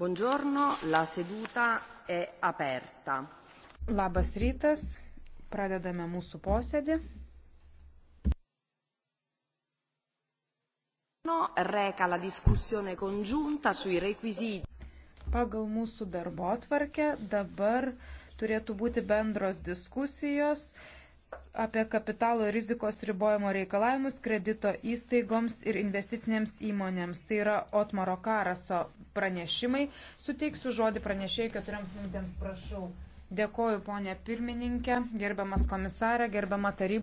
Buongiorno, la seduta è aperta. Labas rytas, pradedame mūsų posėdį. Reka la diskusione congiunta sui requisiti. Pagal mūsų darbo tvarkę dabar turėtų būti bendros diskusijos apie kapitalo rizikos ribojimo reikalavimus kredito įstaigoms ir investicinėms įmonėms. Tai yra Otmaro Karaso pranešimai. Suteiksiu žodį pranešėjai keturioms minutėms, prašau. Dėkoju, ponė pirmininkė, gerbiamas komisarė, gerbiama taryba.